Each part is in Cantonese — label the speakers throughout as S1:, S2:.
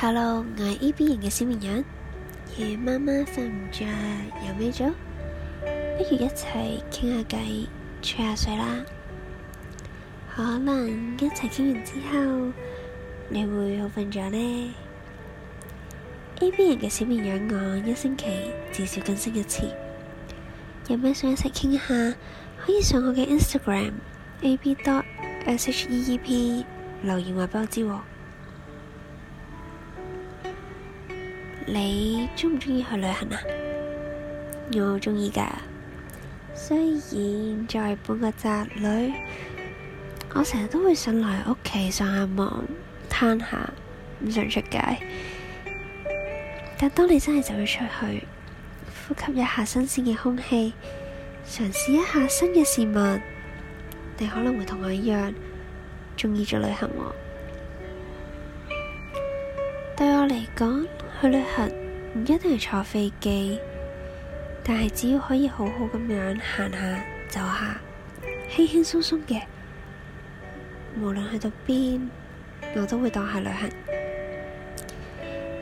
S1: Hello，我係 A B 型嘅小綿羊，夜媽媽瞓唔着，有咩做？不如一齊傾下偈，吹下水啦。可能一齊傾完之後，你會，會好瞓着呢。 A B 型嘅小綿羊，我一星期至少更新一次。有咩想一齊傾下，可以上我嘅 Instagram A B dot S H E E P 留言話畀我知喎。你鍾唔鍾意去旅行啊？我鍾意㗎，雖然作為半個宅女，我成日都會想留喺屋企上下網，攤下，唔想出街。但當你真係就要出去，呼吸一下新鮮嘅空氣，嘗試一下新嘅事物，你可能會同我一樣，鍾意咗旅行喎。我對我嚟講。去旅行唔一定係坐飛機，但係只要可以好好咁樣行下、走下，輕輕鬆鬆嘅，無論去到邊，我都會當下旅行。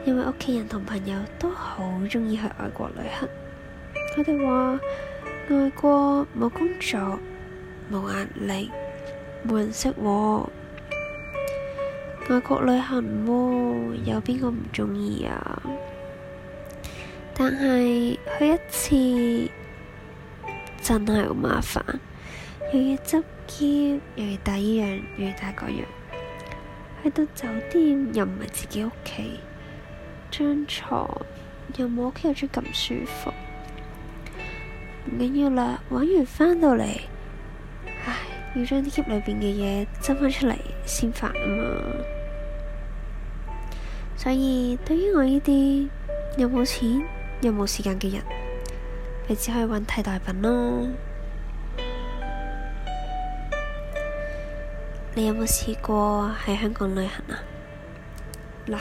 S1: 因為屋企人同朋友都好鍾意去外國旅行，佢哋話外國冇工作、冇壓力、冇人識我。外國旅行，哦、有邊個唔鍾意啊？但係去一次真係好麻煩，又要執篋，又要帶呢樣，又要帶嗰樣。去到酒店又唔係自己屋企，張床又冇屋企有張咁舒服。唔緊要啦，玩完翻到嚟，唉，要將啲篋裏邊嘅嘢執翻出嚟先煩啊嘛～所以，對於我呢啲又冇錢又冇時間嘅人，你只可以揾替代品咯。你有冇試過喺香港旅行啊？嗱，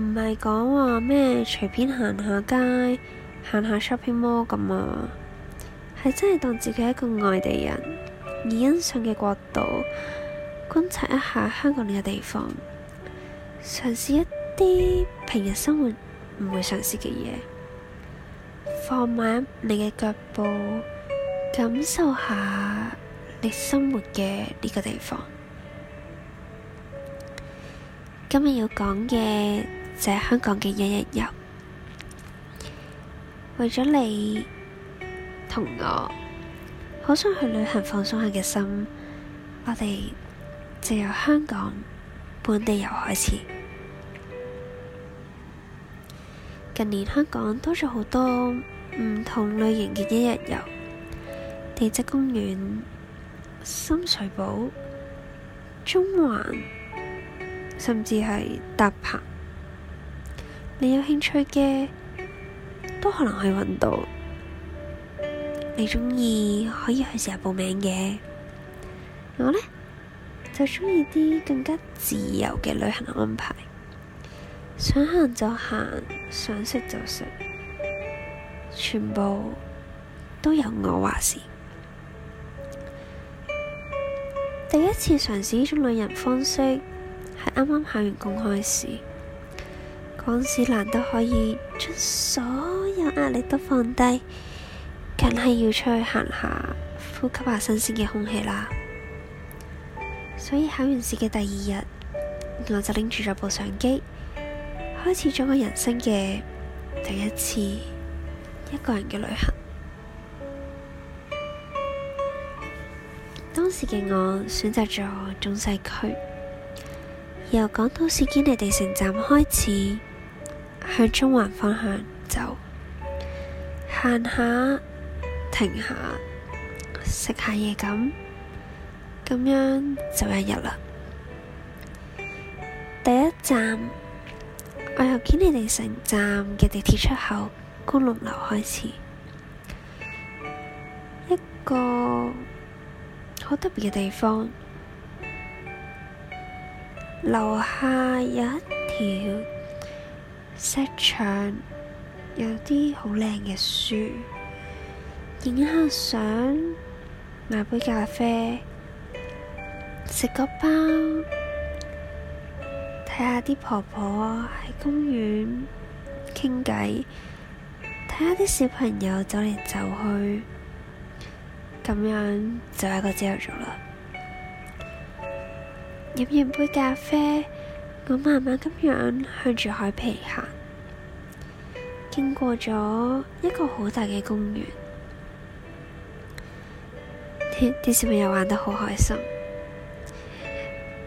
S1: 唔係講話咩隨便行下街、行下 shopping mall 咁啊，係真係當自己係一個外地人，以欣賞嘅角度觀察一下香港呢個地方，嘗試一啲平日生活唔會嘗試嘅嘢，放慢你嘅腳步，感受下你生活嘅呢個地方。今日要講嘅就係香港嘅一日遊，為咗你同我好想去旅行放鬆下嘅心，我哋就由香港本地遊開始。近年香港多咗好多唔同類型嘅一日遊，地質公園、深水埗、中環，甚至係搭棚。你有興趣嘅，都可能可以揾到。你鍾意可以去成日報名嘅。我呢，就鍾意啲更加自由嘅旅行安排。想行就行，想食就食，全部都由我話事。第一次嘗試呢種旅行方式，係啱啱考完公開試，講至難得可以將所有壓力都放低，梗係要出去行下，呼吸下新鮮嘅空氣啦。所以考完試嘅第二日，我就拎住咗部相機。開始咗我人生嘅第一次一個人嘅旅行。當時嘅我選擇咗中西區，由港島史堅尼地城站開始向中環方向走，行下、停下、食下嘢咁，咁樣就一日啦。第一站。我由堅尼地城站嘅地鐵出口觀龍樓開始，一個好特別嘅地方。樓下有一條石牆，有啲好靚嘅樹，影下相，買杯咖啡，食個包。睇下啲婆婆喺公園傾偈，睇下啲小朋友走嚟走去，咁樣就係一個朝頭早啦。飲完杯咖啡，我慢慢咁樣向住海皮行，經過咗一個好大嘅公園，啲小朋友玩得好開心。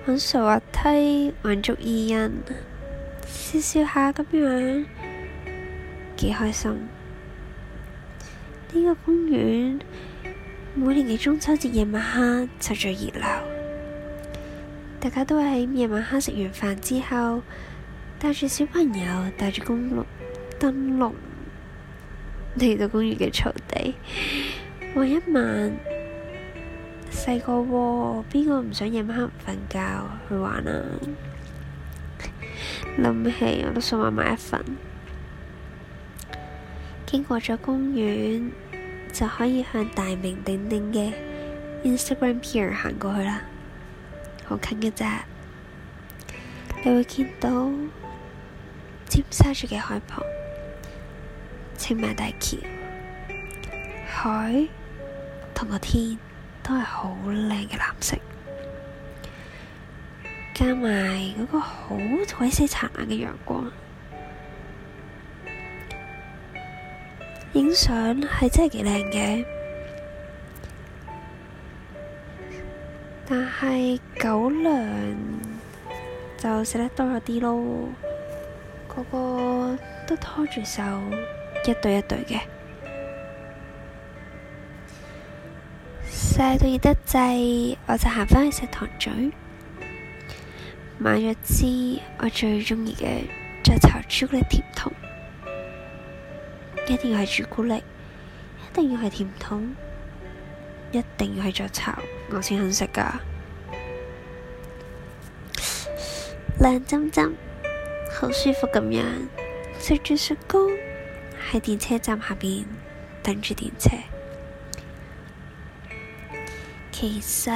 S1: 玩滑梯、玩捉伊人，笑笑下咁樣，幾開心。呢個公園每年嘅中秋節夜晚黑就最熱鬧，大家都係喺夜晚黑食完飯之後，帶住小朋友、帶住公龍燈籠嚟到公園嘅草地玩一晚。細個邊個唔想夜晚黑唔瞓覺去玩啊！諗 起我都想買埋一份。經過咗公園就可以向大名鼎鼎嘅 Instagram Pier 行過去啦，好近嘅啫。你會見到尖沙咀嘅海旁、青馬大橋、海同個天。都係好靚嘅藍色，加埋嗰個好鬼死燦爛嘅陽光，影相係真係幾靚嘅。但係狗糧就食得多咗啲咯，個個都拖住手一對一對嘅。曬到熱得滯，我就行返去石塘咀。買咗支我最中意嘅雀巢朱古力甜筒，一定要係朱古力，一定要係甜筒，一定要係雀巢，我先肯食㗎。涼浸浸，好舒服咁樣，食住雪糕，喺電車站下邊等住電車。其實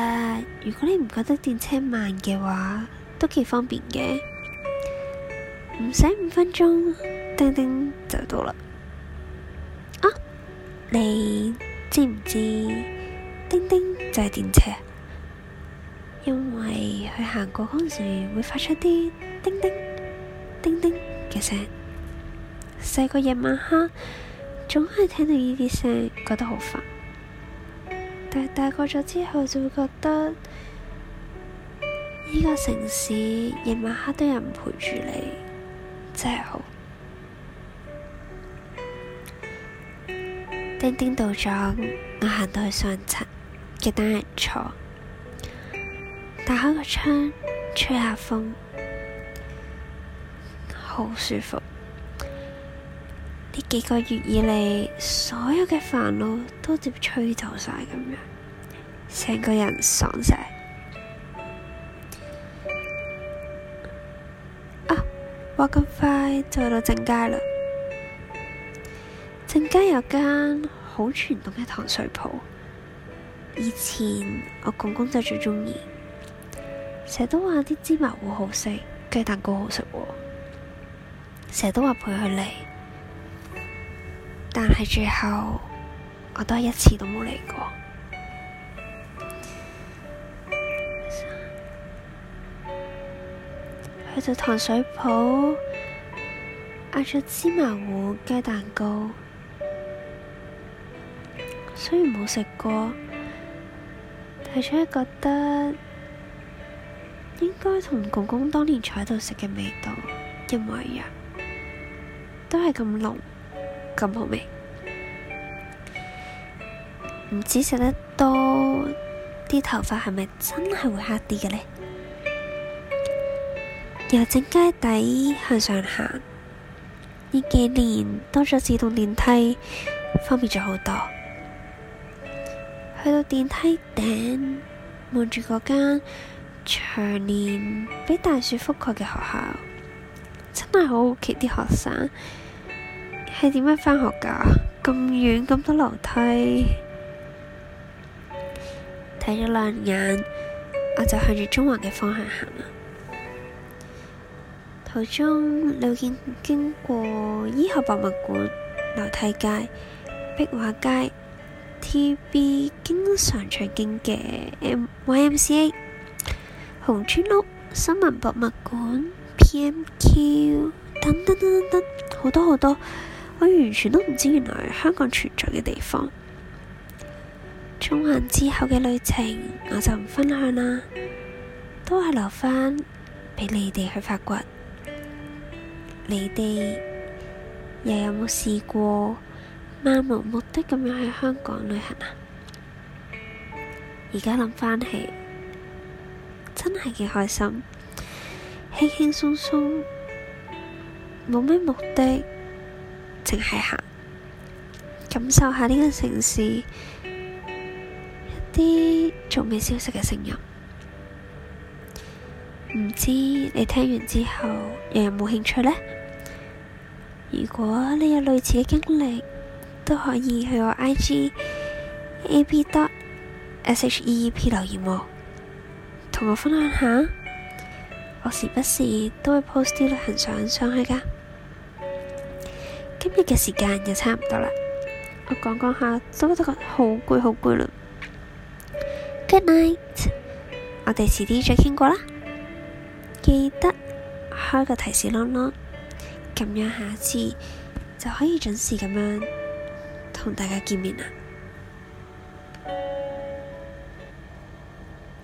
S1: 如果你唔覺得電車慢嘅話，都幾方便嘅，唔使五分鐘，叮叮就到啦。啊，你知唔知叮叮就係電車？因為佢行過陣時會發出啲叮叮叮叮嘅聲，細個夜晚黑總係聽到呢啲聲，覺得好煩。但大大個咗之後，就會覺得呢個城市夜晚黑都有人陪住你，真係好。叮叮到咗，我行到去上層嘅單人床，打開個窗吹下風，好舒服。幾個月以嚟，所有嘅煩惱都直接吹走晒咁樣，成個人爽晒。啊，話咁快就去到正街啦！正街有間好傳統嘅糖水鋪，以前我公公就最中意，成日都話啲芝麻糊好食，雞蛋糕好食，啊，成日都話陪佢嚟。但係最後，我都係一次都冇嚟過。去到糖水鋪，嗌咗芝麻糊、雞蛋糕，雖然冇食過，但係覺得應該同公公當年坐喺度食嘅味道一模一樣，都係咁濃。咁好味，唔止食得多，啲頭髮係咪真係會黑啲嘅呢？由正街底向上行，呢幾年多咗自動電梯，方便咗好多。去到電梯頂，望住嗰間長年俾大雪覆蓋嘅學校，真係好奇啲學生。.係點樣返學噶？咁遠咁多樓梯，睇咗兩眼，我就向住中環嘅方向行啦。途中，你會經過醫學博物館、樓梯街、壁畫街、T. B. 經常常見嘅 Y. M. C. A. 紅磚屋、新聞博物館、P. M. Q. 等等等等，好多好多。我完全都唔知原來香港存在嘅地方，中環之後嘅旅程我就唔分享啦，都係留翻畀你哋去發掘。你哋又有冇試過漫無目的咁樣去香港旅行啊？而家諗翻起，真係幾開心，輕輕鬆鬆，冇咩目的。淨係行，感受下呢個城市一啲仲未消失嘅聲音。唔知你聽完之後又有冇興趣呢？如果你有類似嘅經歷，都可以去我 I G A B dot S H E P 留言喎、哦，同我分享下。我時不時都會 post 啲旅行相上去噶。今日嘅時間就差唔多啦，我講講下，都都覺得好攰，好攰啦。Good night，我哋遲啲再傾過啦，記得開個提示啷啷，咁樣下次就可以準時咁樣同大家見面啦。